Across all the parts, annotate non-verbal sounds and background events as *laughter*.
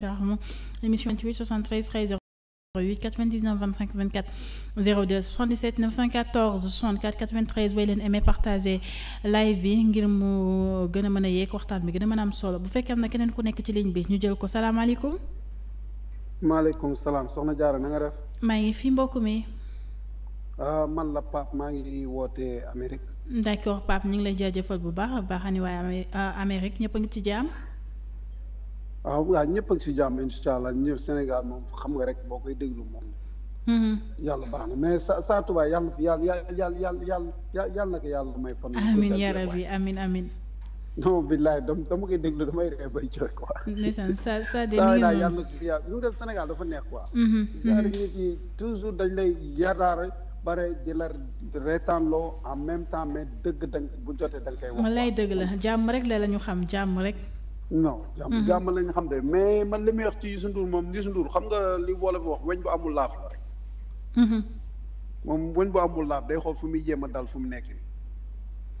charme émission 28 73 13 08 99 25 24 02 77 914 64 93 way leen aimé partagé live bi ngir mu gën a mën a yeeg waxtaan bi gën a mën am solo bu fekkee am na keneen ku nekk ci ligne bi ñu jël ko salaamaaleykum. maaleykum salaam soxna Diarra na nga maa ngi fi mbokk mi. Ah, man la Pape maa ngi wootee Amérique. d' accord Pape ñu ngi lay jaajëfal bu baax a baax ani waaye Amérique ñëpp a ngi ci jàmm. waaw waaw ñëpp a ngi si jàmm incha allah ñëpp Sénégal moom xam nga rek boo koy déglu moom. Mm-hmm. yàlla baax na mais sa saa tubaab yàlla yàlla yàlla yàlla yàlla yàlla na ko yàlla may fan. amiin yaa rabbi amiin amiin. non billaay dama dama koy déglu damay ree bay jooy quoi. ndeysaan sa sa de nii yàlla yàlla gis nga Sénégal dafa neex quoi. jaaree mm-hmm, mm-hmm. dañ lay yaraare bare di la reetaan loo en même temps mais dëgg dañ bu jotee dañ koy wallaay dëgg la jàmm rek la la xam jàmm rek. non jàmm mhm. jàmm lañ xam de mais man la muy wax ci Youssou Ndour moom Youssou Ndour xam nga li wolof wax weñ bu amul laaf la rek mhm. moom weñ bu amul laaf day xool fu muy jéem a dal fu mu nekk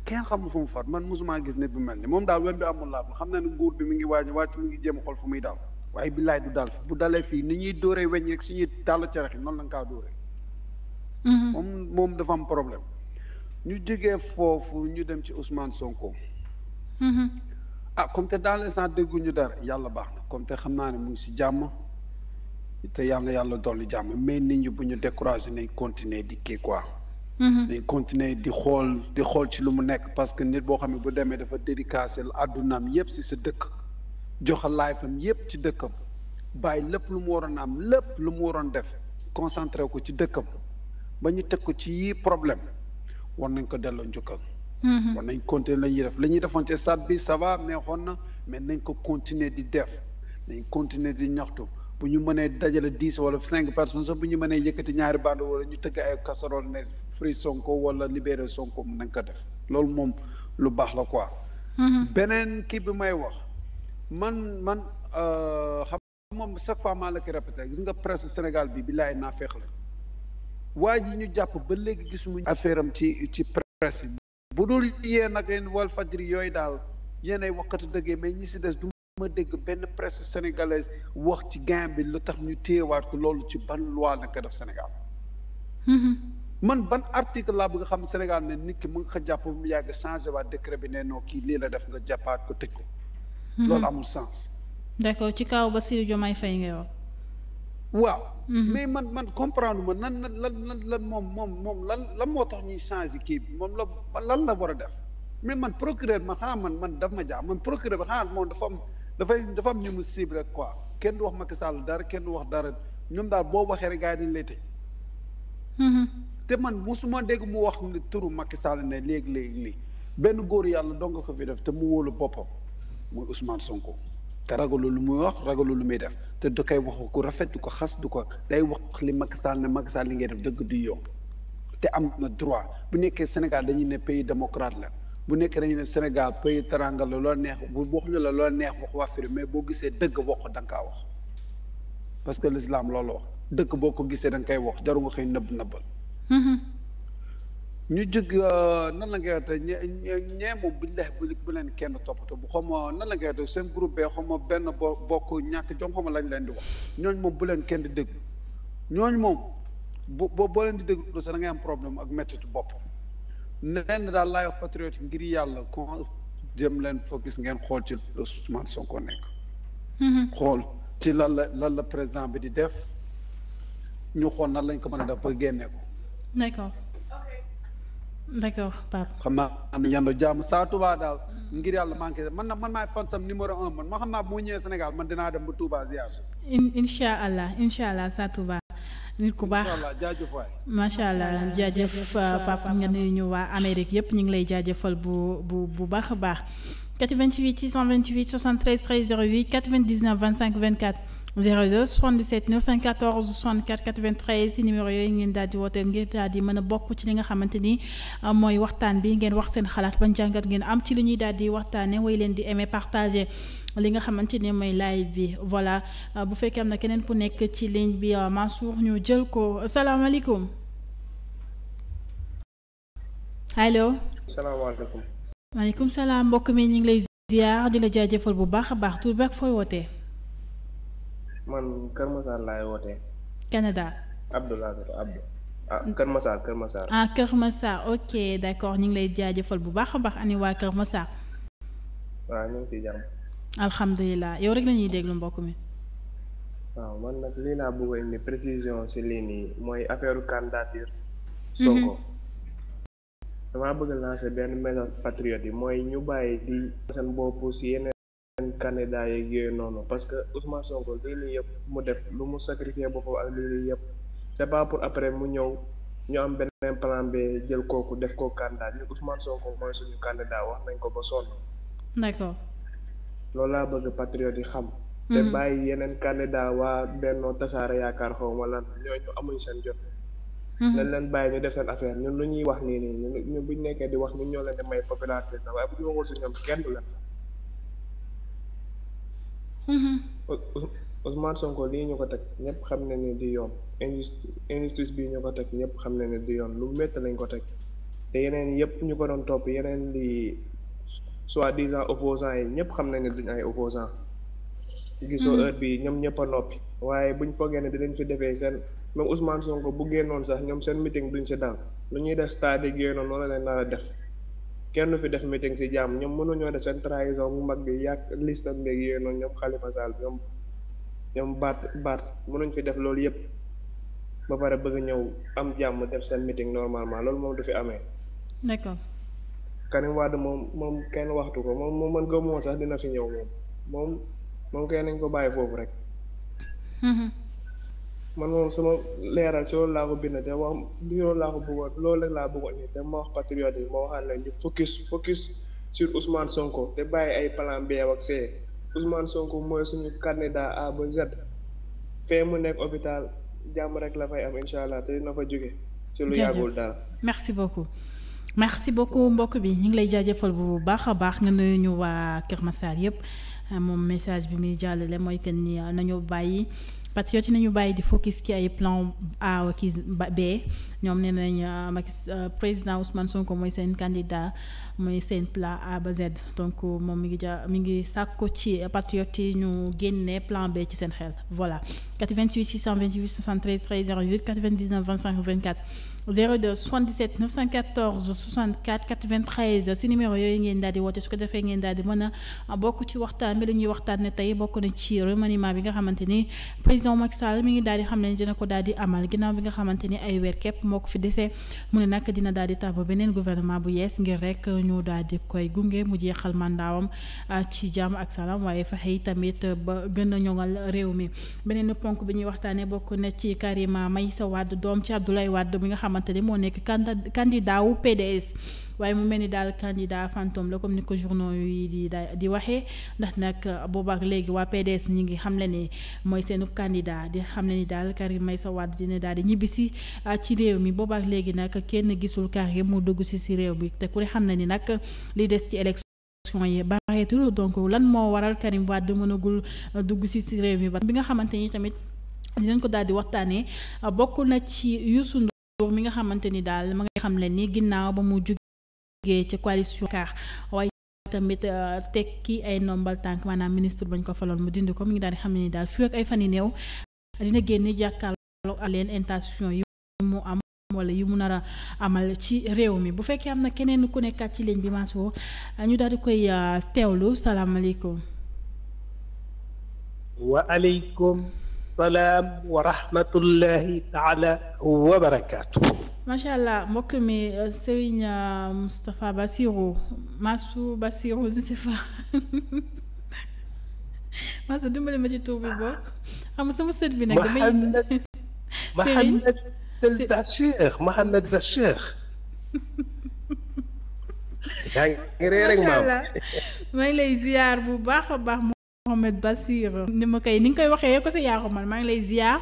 kenn xamul fu mu far man mosumaa gis nit bu mel ni moom daal bi amul laaf la xam na ne nguur bi mi ngi waaj wàcc mi ngi jéem a fu muy dal waaye billaay du dal bu dalee fii ni ñuy dóoree weñ su ñuy tàll carax yi noonu lañ kaa dóoree mhm. moom moom dafa am problème ñu jógee foofu ñu dem ci Ousmane Sonko ah comme te dans l'instant dégguñu dara yàlla baax na comme te xam naa ne mu ngi si jàmm te yàlla yàlla dolli jàmm mais nit ñi bu ñu découragé nañ continuer di kii quoi. Mm-hmm. nañ continuer di xool di xool ci lu mu nekk parce que nit boo xam ne bu demee dafa dédicacé àddunaam yëpp si sa dëkk joxe laay fam yëpp ci dëkkam bàyyi lépp lu mu waroon am lépp lu mu waroon def concentré ko ci dëkkam ba ñu teg ko ci yii problème war nañ ko delloo njukkal. war mm-hmm. nañ continuer la ñuy la ñuy defoon ci stade bi ça va neexoon na mais nañ ko continuer di def nañ continuer di ñaxtu bu ñu mënee dajale dix wala cinq personnes sax bu ñu mënee yëkkati ñaari bande wala ñu tëgg ay casserole ne Free Sonko wala Libéré Sonko nañ ko def loolu moom lu baax la quoi. Mm-hmm. beneen kii bi may wax man man euh, xam moom chaque fois maa la ko répété gis nga Sénégal bi bilaay naa feex la waa ji ñu jàpp ba léegi gis mu affaire am ci ci presse bu dul yéen nag leen wal fajri yooyu daal yéenay waxkatu dëggee mais ñi si des du ma dégg benn presse sénégalaise wax ci gain bi lu tax ñu téyewaat ko loolu ci ban loi la ko def Sénégal mhm. man ban article laa bëgg xam Sénégal ne nit ki mu nga ko jàpp mu yàgg changé waa décret bi ne noo kii lii la def nga jàppaat ko tëj ko mhm. loolu amul sens d'accord ci kaw Bassirou Diomaye Faye ngay wax waaw. Mm-hmm. mais man man comprendre ma nan nan lan la lan moom moom moom lan lan moo tax ñuy changer kii moom la lan la war a def mais man procureur ma xanaa man man daf ma jaax man procureur bi xanaa moom dafa am dafay dafa am ñu mu cible kenn du wax Macky Sall dara kenn du wax dara ñoom daal boo waxee rek gars yi dañ lay mm-hmm. te man musuma dégg mu wax ne turu Macky Sall ne léegi léegi lii benn góor yàlla dong nga ko fi def te mu wóolu boppam muy Ousmane Sonko te ragalu lu muy wax ragalu lu muy def. te da koy wax ku rafet ko xas du ko day wax li Macky Sall ne Macky li ngay def dëgg du yoon te am na droit bu nekkee Sénégal dañuy ne pays démocrate la bu nekkee dañu ne Sénégal pays teranga la loo neex bu waxuñu loo neex wax waa firi mais boo gisee dëgg wax da nga kaa wax parce que l'islam loolu wax dëgg boo ko gisee da nga koy wax jaru nga xëy nëbb nëbbal mm-hmm. ñu jóg euh, nan la ngay waxee ñee moom bu lex bu bu leen kenn toppatoo bu xam nan la ngay waxee seen groupe bee xam benn bo bokk ñàkk jom xam lañ leen di wax ñooñ moom bu leen kenn di déglu ñooñu moom bu boo leen di déglu sax da ngay am problème ak métti bopp lenn daal laay wax ngir yàlla ko jëm leen foo gis ngeen xool ci Ousmane Sonko nekk. Mm-hmm. xool ci lan la lan la président bi di def ñu xool nan lañ ko mën a def ba génne ko. d'accord Pape. xam naa am yendu jàmm saa Touba daal. ngir yàlla manqué man na man maay fan sam numéro un man ma xam naa bu mu ñëwee Sénégal man dinaa dem ba Touba ziar. in incha allah incha allah saa Touba. nit ku baax macha allah jaajëf Pape nga nuyu ñu waa Amérique yépp ñu ngi lay jaajëfal bu bu bu baax a baax. 88 628 73 13 08 99 25 24 02 77 914 64 93 si numéro yooyu ngeen daal di ngir daal di a bokk ci li nga xamante ni ah, mooy waxtaan bi ngeen wax seen xalaat ban jàngat ngeen am ci li ñuy daal di waxtaane way leen di aimer partager li nga xamante ni mooy live bi voilà ah, bu fekkee am na keneen ku nekk ci ligne bi ah, Mansour ñu jël ko salaamaaleykum allo. maaleykum salaam mbokk mi ñu ngi lay ziar di la jaajëfal bu baax a baax tur beeg fooy wootee. Kër Masar laay wootee. Canada. Abdoulaye ah, Kër Masar Kër ah, ok d' accord ñu ngi lay jaajëfal bu baax a baax ani waa Kër Masar. waaw ñu ngi ciy jàmm. alhamdulilah yow rek la déglu mbokk mi. waaw man nag lii laa bëgg a indi précision si lii nii mooy affaire candidature. Mhm. Sonko. Mm damaa bëgg lancer benn message patriote yi mooy ñu bàyyi di seen bopp si yeneen candidat yeeg noonu parce que Ousmane Sonko lii nii yëpp mu def lu mu sacrifier boppam ak lii nii yëpp c'est pas pour après mu ñëw ñu am beneen plan B jël kooku def ko candidat ñu Ousmane Sonko mooy suñu candidat wax nañ ko ba sonn. d'accord. loolu laa bëgg patriote yi xam. Mhm. te bàyyi yeneen candidat waa Benno Tasaare Yaakaar xaw ma lan ñooñu amuñ seen jot. lan mm-hmm. leen bàyyi ñu def seen affaire ñun lu ñuy wax nii nii ñun bu ñu nekkee di wax ñun ñoo leen di may popularité sax waaye bu ñu waxul si ñoom kenn du leen. Mm-hmm. Ousmane Sonko lii ñu ko teg ñëpp xam ne ni di yoon injustice bii ñu ko teg ñëpp xam ne ni di yoon lu mett lañ ko teg te yeneen yëpp ñu ko topp yeneen di soi-disant opposants yi ñëpp xam ne ni di ay opposants mm-hmm. gisoo heure bi ñoom ñëpp a noppi waaye buñ foogee ne di dinañ fi defee seen même Ousmane Sonko bu génnoon sax ñoom seen meeting duñ si dal lu ñuy def stade yi génnoon noonu la leen nar a def kenn fi def meeting ci jàmm ñoom mënuñoo def seen trahison mu mag bi yàq liste mbéeg yooyu noonu ñoom Khalifa Sall ñoom baat Bart Bart mënuñ fi def loolu yëpp ba pare bëgg ñëw am jàmm def seen meeting normalement loolu moom du fi amee. d'accord. Karim Wade moom moom kenn waxtu ko moom moom man gëmmoo sax dina fi ñëw moom moom moom kenn nañ ko bàyyi foofu rek. Mm-hmm. man moom sama leeral si loolu laa ko bind te wax loolu laa ko bëggoon loolu rek laa bëggoon nii te ma wax patriote yi ma waxaat la ñu focus focus sur Ousmane Sonko te bàyyi ay plan B ak C Ousmane Sonko mooy suñu candidat A ba Z fee mu nekk hôpital jàmm rek la fay am incha allah te dina fa jóge ci lu yàggul daal merci beaucoup merci beaucoup mbokk bi ñu ngi lay jaajëfal bu baax a baax nga nuyu ñu waa Kër Massar yëpp moom message bi muy jàllale mooy que bàyyi. patriote yi nañu bàyyi di focus ci ay plan kii ba B ñoom nee nañ euh, Macky euh, président Ousmane Sonko mooy seen candidat mooy seen plan A ba Z donc euh, moom mu ngi ja mi ngi sàkku ci patriote yi ñu génne plan B ci seen xel voilà 88 628 73 13 08 99 25 24 02 77 914 64 93 si numéro yooyu ngeen daal di woote su ko defee ngeen daal di mën a bokk ci waxtaan bi la waxtaan ne tey bokk na ci remaniement bi nga xamante ni ay weer képp moo ko fi dese mu ne nag dina daal di tàbb beneen gouvernement bu yees ngir rek ñu daal di koy gunge mu jeexal mandaawam ah, ci jàmm ak salaam waaye fexe tamit ba gën a ñoŋal réew mi beneen ponk bi ñuy waxtaanee bokk na ci Karima Meïssa Wade doom ci Abdoulaye Wade bi nga xamante xamante ne moo nekk candidat PDS waaye mu mel ni daal candidat fantôme la comme ni ko journaux yi di di waxee ndax nag boobaak léegi waa PDS ñi ngi xam le ni mooy seenu candidat di xam le ni daal Karim Meïssa Wade dina daal di ñibbisi ah, ci réew mi boobaak léegi nag kenn gisul Karim mu dugg si si réew mi te ku ne xam na ni nag li des ci élection yi bareetul donc lan moo waral Karim Wade mënagul ah, dugg si si réew mi ba bi nga xamante ni tamit dinañ Ndour mi nga xamante ni daal ma nga xam leen ni ginnaaw ba mu jugee ca coalition car waaye tamit euh, tekki ay nombal tànk maanaam ministre bañ ko faloon mu dindi ko mi ngi daal xam ne ni daal fii ak ay fan yu néew dina génne jàkkaarloo ak leen intention yi mu am wala yi mu nara amal ci réew mi bu fekkee am na keneen ku nekkaat ci leen bi Mansour ñu daal di koy euh, teewlu salaamaaleykum. waaleykum. salaam allah mbokk mi euh, Serigne euh, Moustapha Bassirou Massou Bassirou Moustapha *laughs* Massou dimbali ma ci tur xam sama sët bi nag. damay Mohamed *laughs* *laughs* may lay ziar bu baax a baax. Mohamed Bassir ni ma koy ni nga koy waxee ko sa yaa ko man maa ngi lay ziar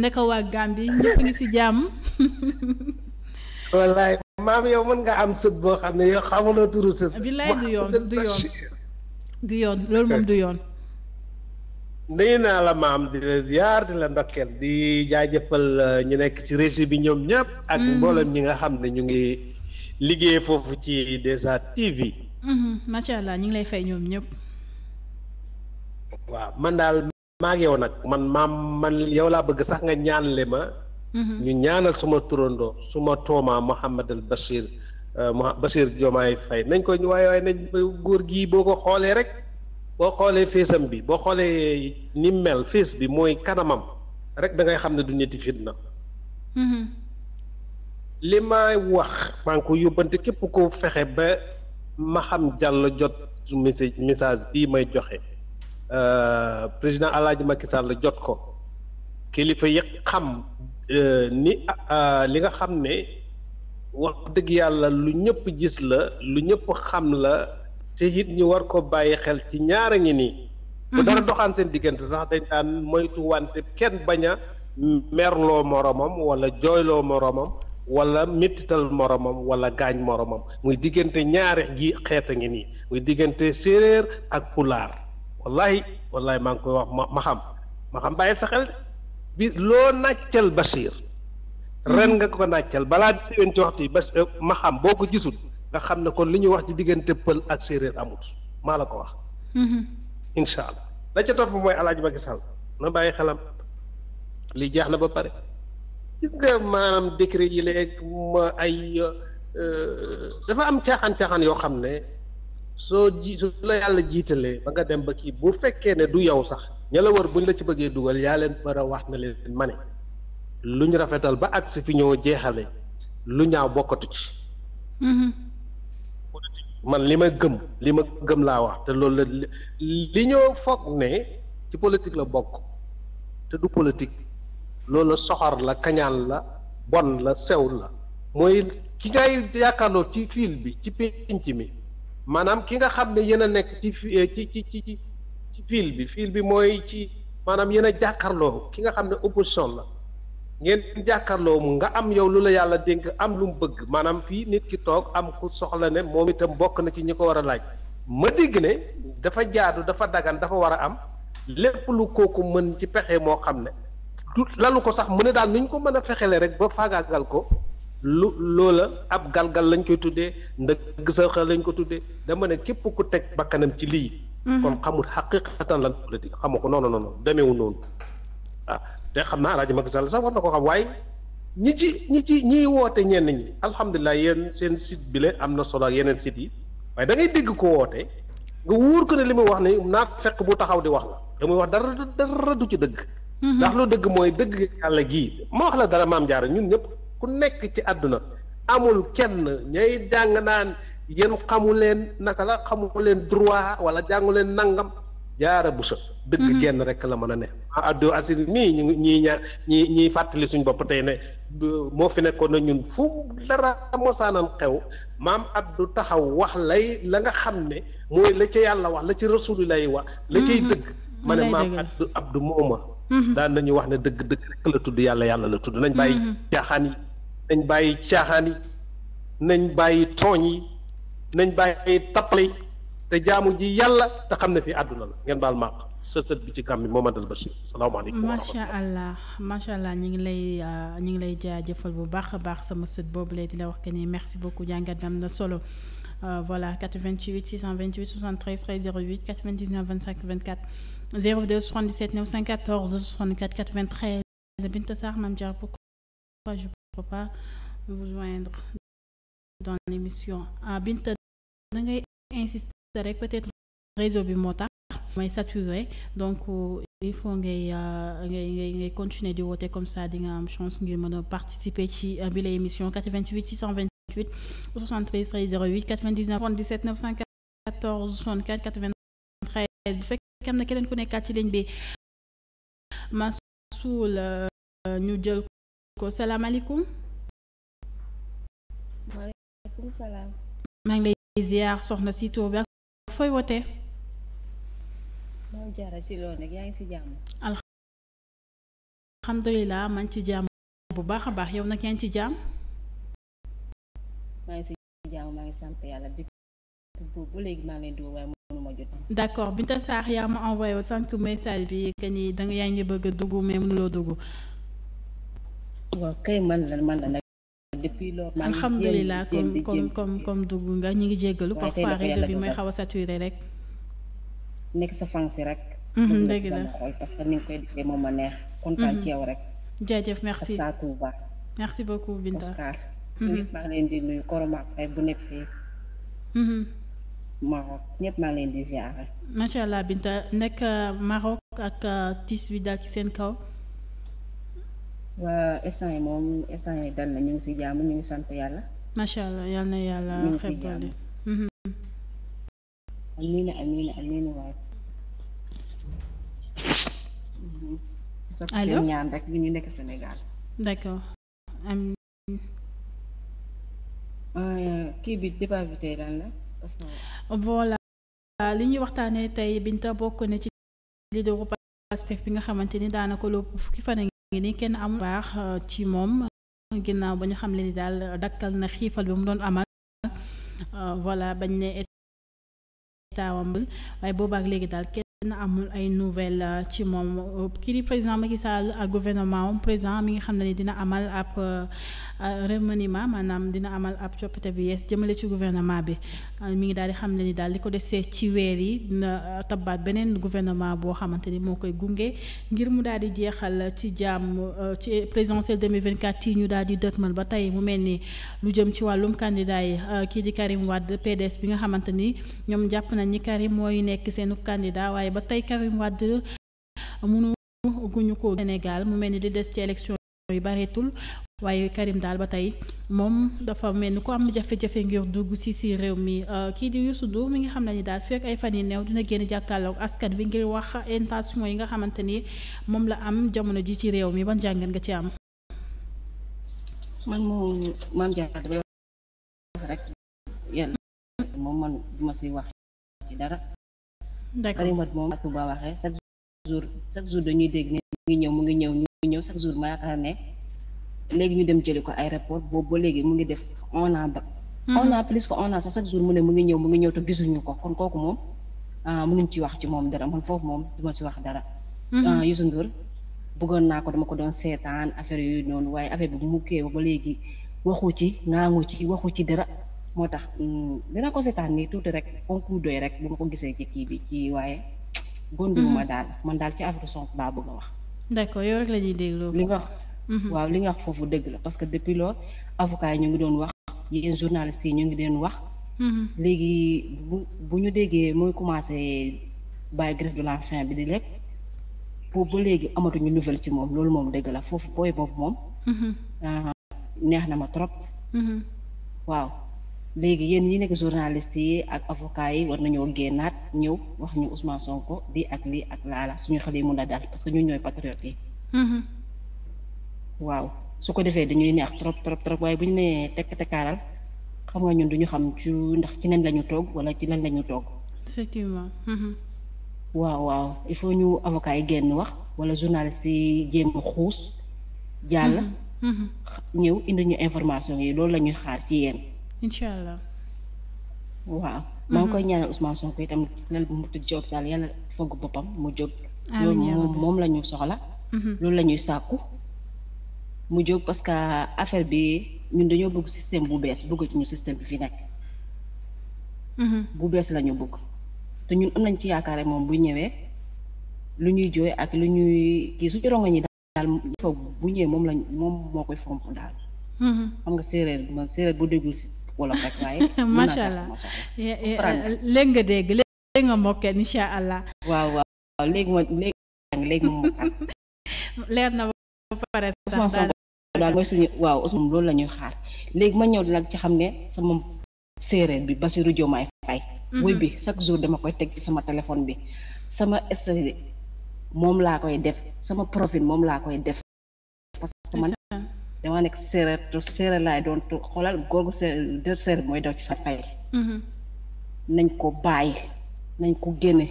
naka waa Gambie ñëpp ngi si jàmm. *laughs* wallaay maam yow mën nga am sët boo xam ne yow xamuloo turu sët. billaay du yoon du yoon du yoon loolu moom du yoon. nuyu naa la maam di la ziar di la ndokkeel di jaajëfal euh, ñu nekk ci régie bi ñoom ñëpp. ak mm-hmm. mboolem ñi nga xam ne ñu ngi liggéey foofu ci 2A TV. macha mm-hmm. allah ñu ngi lay fay ñoom ñëpp. waaw man daal maa yow nag man maam man yow laa bëgg sax nga ñaanle ma. Mm-hmm. ñu ñaanal suma turandoo suma tooma Mouhamadul Bachir euh, Bachir Diomaye Faye nañ ko waaye waaye nañ góor gii boo ko xoolee rek boo xoolee feesam bi boo xoolee ni mel fees bi mooy kanamam rek dangay xam ne du ñetti fitna. Mm-hmm. li may wax maa ngi ko yóbbante képp ko fexe ba ma xam jàll jot message message bii may joxe. Euh, président Alaaji Macky Sall jot ko kilifa yi xam euh, ni euh, li nga xam ne wax dëgg yàlla lu ñëpp gis la lu ñëpp xam la te it ñu war ko bàyyi xel ci ñaar a ngi nii. bu dara mhm. doxaan seen diggante sax dañ daan moytu wante kenn bañ a merloo moroomam wala jooyloo moroomam walla méttital moromam wala gaañ moroomam muy diggante ñaari gi xeet a ngi nii muy diggante séeréer ak pulaar. wallahi wallahi maa ngi koy wax ma xam ma xam bàyyi sa xel bi loo nàccal Bachir ren nga ko nàccal balaa déwén ci waxtu yi ba euh, ma xam boo ko gisul nga xam ne kon li ñuy wax ci diggante pël ak séeréer amut maa la ko wax mm-hmm. incha allah la ca topp mooy alaaj Macky Sall na bàyyi xelam li jeex na ba pare gis nga maanaam décret yi léeg ma ay euh, dafa am caaxaan-caaxaan yoo xam ne soo ji su la yàlla jiitalee ba nga dem ba kii bu fekkee ne du yow sax ña la wër buñ la ci bëggee dugal yaa leen war wax na leen ma ne lu ñu rafetal ba agsi fi ñoo jeexale lu ñaaw bokkatu ci mm-hmm. man li ma gëm li ma gëm laa wax te loolu la li ñoo foog ne ci politique la bokk te du politique loolu la soxor la kañaan la bon la sew la mooy ki ngay yaakaarloo ci fiil bi ci pénc mi maanaam ki nga xam ne yéen a nekk ci eh, ci ci ci ci fil bi fil bi mooy ci maanaam yéen a jàkkaarloo ki nga xam ne opposition la ngeen jàkkaarloo mu nga am yow lu la yàlla dénk am lu mu bëgg maanaam fii nit ki toog am ku soxla ne moom itam bokk na ci ñi ko war a laaj ma dégg ne dafa jaadu dafa dagan dafa war a am lépp lu kooku mën ci pexe moo xam ne du lalu ko sax mu ne daal nuñ ko mën a fexele rek ba faagaagal ko lu loola ab galgal lañ koy tuddee ndëgg sa lañ ko tuddee dama ne képp ku teg bakkanam ci lii. Mhm. kon xamul xaqiqatan lan politique xamu ko noonu noonu demeewu noonu ah te xam naa rajo Macky Sall sax war na ko xam waaye ñi ci ñi ci ñiy woote ñenn ñi alhamdulilah yéen seen sit bi la am na solo yeneen sit yi waaye dangay dégg ko wootee nga wóor ko ne li muy wax ne naa fekk bu taxaw di wax la wax dara du ci dëgg. Mhm. ndax lu dëgg mooy dëgg yàlla gii ma wax la dara maam jaara ñun ñëpp. ku nekk ci àdduna amul kenn ñay jàng naan yéen xamu leen naka la xamu leen droit wala jàngu leen nangam jaara bu sa dëgg kenn mhm. rek la mën a ne addo ah, asir mii ñu ñii ña ñi ñiy fàttali suñ bopp tey ne moo fi nekkoon na ñun fu dara xew maam Abdou taxaw wax lay la nga xam ne mooy la ca yàlla wax la ci rasulullah lay wax la cay mhm. dëgg ma ne maam Abdou Abdou mooma mhm. daan nañu wax ne dëgg dëgg rek la tudd yàlla yàlla la tudd nañ bàyyi jaaxaan yi nañ bàyyi caaxaan yi bàyyi tooñ yi nañ bàyyi tappale yi te jaamu ji yàlla te xam ne fii àdduna la ngeen baal màq sësët bi ci kam bi Momadou Bachir salaamaaleykum macha allah macha allah ñu ngi lay euh, ñu ngi lay jaajëfal bu baax a baax sama sët boobu lay di la wax que ni merci beaucoup jàngat am na solo euh, voilà 88 628 73 08 99 25 24 02 77 914 64 93 Binta Sarr Mame Diarra pourquoi je pas vous joindre dans l'émission ah Binta da insister rek peut réseau bi moo tax mooy saturé donc euh, il faut euh, ngay ngay ngay continuer di woote comme ça di am chance ngir mën a participer ci euh, bi la émission 88 628 73 08 99 77 914 64 93 bu fekkee am na keneen ku nekkaat ci ligne bi Massoul ñu jël ko salaamaaleykum. maa ngi lay ziar soxna si tur bi ak fooy wootee. yaa ngi si jàmm. alhamdulilah ci jàmm bu baax baax yow nag yaa ci jàmm. maa si maa ngi sant yàlla di bu léegi maa ngi leen di woo Binta Sarr yaa ma envoyé sànq message bi que ni danga yaa ngi bëgg a dugg mais mënuloo dugg. waaw kay man la man la nag depuis loolu alhamdulilah comme comme comme dugg nga ñu ngi jéggalu parfois réseau bi mooy xaw a saturé rek nekk sa fan rek mhm, dëgg que ni nga koy defee moom ma neex mhm. kontaan ci rek jaajëf merci sa Touba merci beaucoup bind Oscar mhm. bu nekk fii Maroc ngi leen macha allah Binta nekk euh, Maroc ak euh, tis bi daal ci seen kaw waa instant moom instant yi dal na ñu ngi si jàmm ñu ngi sant yàlla. macha allah yal yàlla xeppale. Mhm. amiin amiin amiin ñu nekk Sénégal. d'accord euh, bi débat li ñuy waxtaanee tey Binta bokk na ci leaderu Pastef bi nga xamante ni daanaka lópp fukki fan ngi ni kenn amul baax euh, ci moom ginnaaw ba ñu xam leen ni daal dakkal na xiifal bi mu doon amal euh, voilà bañ ne état wambul waaye boobaak léegi daal na amul ay nouvelle euh, ci moom kii di président ma Sall ak gouvernement am président mi ngi xam ne ni dina amal ab euh, euh, ma maanaam dina amal ab coppite bi yees jëmale ci gouvernement bi mi ngi daal di xam ne ni daal di ko desee ci weer yi dina tabaat beneen gouvernement boo xamante ni moo koy gunge ngir mu daal di jeexal ci jàmm ci présidentielle 2024 yi ñu daal di dëtmal ba tey mu mel ni lu jëm ci wàllum candidat yi kii di Karim Wade PDS bi nga xamante ni ñoom jàpp nañ ni Karim mooy nekk seenu candidat waaye ba tey Karim Wade mënu guñu ko Sénégal mu mel ni di des ci élection yu bareetul waaye Karim daal ba tey moom dafa mel ni ku am jafe-jafe ngir dugg si ci réew mi euh, kii di Youssou Ndour mi nga xam ne daal fekk ay fan yi néew dina génn jàkkaarloog askan bi ngir wax intention yi nga xamante ni moom la am jamono ji ci réew mi ban jàngat nga ci am. ci dara. d'accord moom a ba waxee chaque jour chaque jour dañuy dégg ne mu ngi ñëw mu ngi ñëw mu ngi ñëw chaque jour ma yaakaar ne léegi ñu dem jëli ko aéroport boobu ba léegi mu ngi def un an ba. Mhm. un an plus que un an sax chaque jour mu ne mu ngi ñëw mu ngi ñëw te gisuñu ko kon kooku moom ah, nuñ ci wax ci moom dara man foofu moom du ma si wax dara. Mhm. Ah, Youssou Ndour bëggoon naa ko dama ko doon seetaan affaire yooyu noonu waaye affaire bi bu mu keew ba léegi waxu ci ngaangu ci waxu ci dara. moo tax mm, dina ko seetaan nii tuuti rek un coup d'œil rek bu ma ko gisee ci kii bi ci waaye. gondul ma mm-hmm. daal man daal ci affaire sonk baa bëgg a wax. d'accord yow rek la ñuy dégloo. li nga wax mm-hmm. waaw li nga wax foofu dëgg la parce que depuis loolu avocat yi ñu ngi doon wax yéen journalistes yi ñu ngi doon wax. Mm-hmm. léegi bu bu ñu déggee mooy commencé bàyyi grève de la faim bi di lekk boobu ba léegi amatuñu nouvelle ci moom loolu moom dëgg la foofu booy boobu moom. Ah, neex na ma trop. waaw. léegi yéen yi nekk journaliste yi ak avocat yi war nañoo génnaat ñëw wax ñu Ousmane Sonko lii ak lii ak laala suñu xel yi mun a daal parce que ñun ñooy patriote yi. Mhm. waaw su ko defee dañuy neex trop trop trop bu ñu nee tekk tekkaaral xam nga ñun duñu xam ci ndax ci nen lañu toog wala ci lan lañu toog. effectivement. Mhm. waaw waaw il faut ñu avocat yi génn wax wala journaliste yi jéem a xuus. jàll. Mhm. ñëw indi ñu information yi loolu la ñuy xaar ci yéen. incha allah. waaw. maa ngi koy mhm. ñaanal Ousmane Sonko itam lal bu mu tëj ci hôpital yàlla fogg boppam mu jóg. amiin moom la soxla. Mhm. loolu lañuy ñuy sàkku. mu jóg parce que affaire bi ñun dañoo bugg système bu bees bugg ci ñu système bi fi nekk. Mhm. bu bees la ñu te ñun am nañ ci yaakaar moom bu ñëwee lu ñuy jooy ak lu ñuy kii su ci rongo daal bu ñëwee moom lañ moom moo koy fomp daal. xam nga séeréer man bu déggul si wolof rek waaye. *laughs* macha allah euh, léegi nga dégg léegi nga mokkee incha allah. waaw waaw léegi ma léegi ma mokkaat. *laughs* leer na ba pare sax daal mooy suñu waaw Ousmane loolu la ñuy xaar léegi ma ñëw nag ci xam ne sama séeréer bi Bassirou Diomaye Faye. Mhm. woy bi chaque jour dama koy teg ci sama téléphone bi sama statut moom laa koy def sama profit moom laa koy def. parce man damaa nekk séeréer te laay doon xoolal googu séeréer dër séeréer mooy daw ci sa pay mm-hmm. nañ ko bàyyi nañ ko génne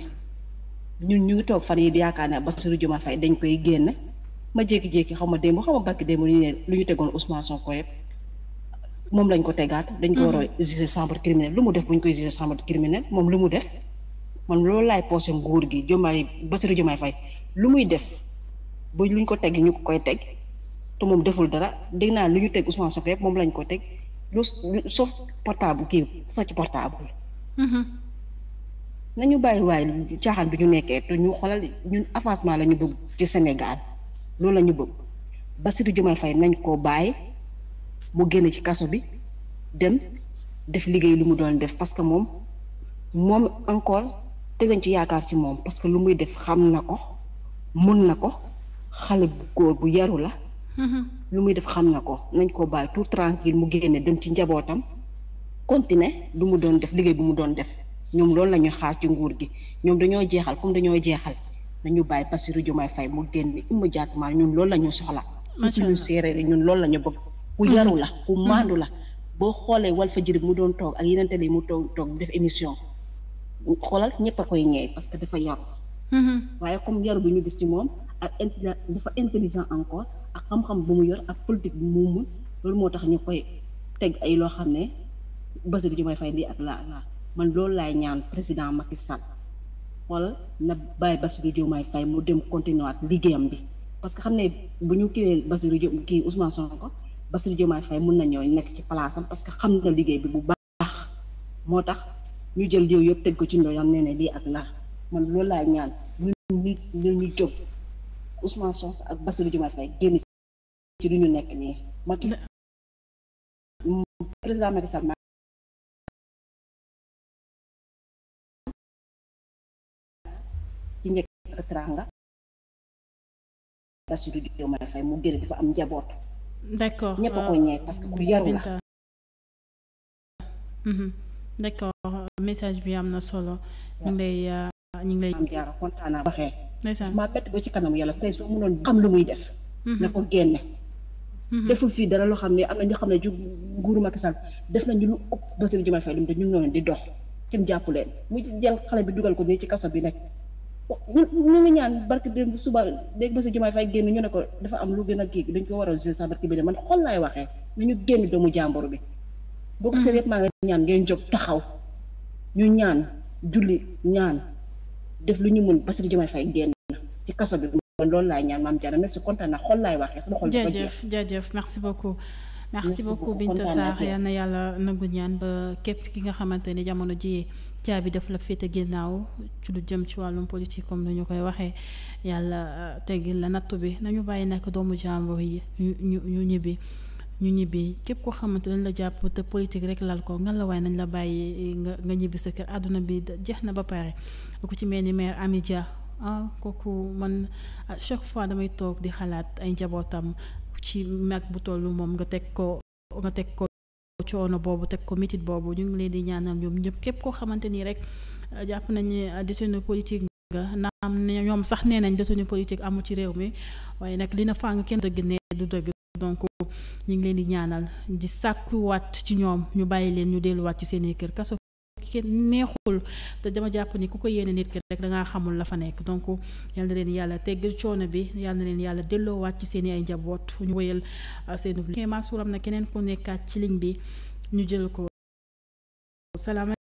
ñun ñu ngi toog fan yi di yaakaar ne Bassirou Diomaye fay dañ koy génne ma jékki-jékki xaw ma démb xaw ma barki démb ñu ne lu ñu tegoon Ousmane Sonko yëpp moom lañ ko tegaat dañ ko war a mm-hmm. juger chambre lu mu def bu ñu koy juger chambre criminelle moom lu mu def man loolu laay posé nguur gi Diomaye Bassirou Diomaye fay lu muy def ba luñ ko teg ñu ko koy teg te moom deful dara dégg naa lu ñu teg Ousmane Sonko moom lañ ko teg lu sauf portable kii sa ci portable. Mm-hmm. nañu bàyyi waaye caaxaan bi ñu nekkee te ñu xoolal ñun avancement la ñu bëgg ci Sénégal loolu lañu ñu bëgg Bassirou Diomaye fay nañ koo bàyyi mu génn ci kaso bi dem def liggéey lu mu doon def parce que moom moom encore te nañ ci yaakaar ci moom parce que lu muy def xam na ko mun na ko xale bu góor bu yaru la. lu muy def xam nga ko nañ ko bàyyi tout tranquille mu génne dem ci njabootam continuer du mu doon def liggéey bu mu doon def ñoom loolu la ñuy xaar ci nguur gi ñoom dañoo jeexal comme dañoo jeexal nañu bàyyi Bassirou Diomaye Faye mu génn immédiatement ñun loolu la ñu soxla ci ñun séeréer ñun loolu la ñu bëgg ku mhm. yaru la ku mhm. maandu la boo xoolee Walfadjri mu doon toog ak yeneen télé yi mu toog toog def émission xoolal ñëpp koy ñeey parce que dafa yaru mhm. waaye comme yaru bu ñu gis ci moom ak dafa intelligent encore ak xam-xam bu mu yor ak politique bu loolu moo tax ñu koy teg ay loo xam ne Bassirou Diomaye Faye lii ak laa man loolu laay ñaan président Macky Sall xool bàyyi Bassirou Diomaye Faye mu dem continuer liggéeyam bi parce que xam ne bu ñu kiwee Bassirou Diomaye kii Ousmane Sonko Bassirou Diomaye fay mun na ñëw nekk ci palaasam parce que xam na liggéey bi bu baax moo tax ñu jël yooyu yëpp teg ko ci ndoyam nee ne lii ak laa man loolu laay ñaan ñu ñu ñu jóg Ousmane Sonko ak Bassirou Diomaye Faye génn ci lu ñu nekk nii Macky président Macky Sall maa ci mu génn dafa am njaboot d'accord ñëpp a ko ñee parce que ku yaru mhm. d'accord message bi am na solo ñu lay euh, ñu lay am jaara ci kanam yàlla soo mënoon muy def mhm. na ko génne Mhm. deful fii dara loo xam ne am na ñoo xam ne ju nguuru Macky Sall def nañu lu ëpp Bassirou Diomaye Faye lu mu def ñu ngi di dox kenn jàpp leen mu jël xale bi dugal ko nii ci kaso bi nekk ñu ngi ñaan barke démb suba léegi Bassirou Diomaye génn ñu ne ko dafa am lu gën a kii dañ ko war a gis sax barke bi ne man xol laay waxee na ñu génn doomu jàmboro bi boo ko seet yëpp maa ngi ñaan ngeen jóg taxaw ñu ñaan julli ñaan def lu ñu mën Bassirou Diomaye Faye génn ci kaso bi kon loolu laay ñaan maam Diarra merci kontaan naa xol laay waxee sama xol. jaajëf jaajëf merci beaucoup. merci beaucoup Binta Sarr yal na yàlla nagu ñaan ba képp ki nga xamante ne jamono ji caabi daf la féete ginnaaw ci lu jëm ci wàllum politique comme ni koy waxee yàlla euh, teggil la nattu bi nañu bàyyi nag doomu jàmbur yi ñu ñibbi ñu ñibbi képp koo xamante dañ la jàpp te politique rek lal ko ngan la waaye nañ la bàyyi nga nga ñibbi sa kër àdduna bi jeex na ba pare ku ci mel ni maire Amidia ah kooku man à ah, chaque fois damay toog di xalaat ay njabootam ci mag bu toll moom nga teg ko nga teg ko coono boobu teg ko mitit boobu ñu ngi leen di ñaanal ñoom ñëpp képp koo xamante nii rek ah, jàpp nañu ah, détenu politique nga naam ñoom sax nee nañ détenu politique amul ci réew mi waaye nag dina fàng kenn dëgg ne du dëgg donc ñu ngi leen di ñaanal di sàkkuwaat ci ñoom ñu bàyyi leen ñu delluwaat ci seeni kër kaso kenn neexul te dama jàpp ni ku ko yéene nit ki rek da ngaa xamul la fa nekk donc yal na leen yàlla teggal coono bi yal na leen yàlla delloowaat ci seen i ay njaboot ñu wëyal uh, seen ubli Mansour am na keneen ku nekkaat ci ligne bi ñu jël ko salaam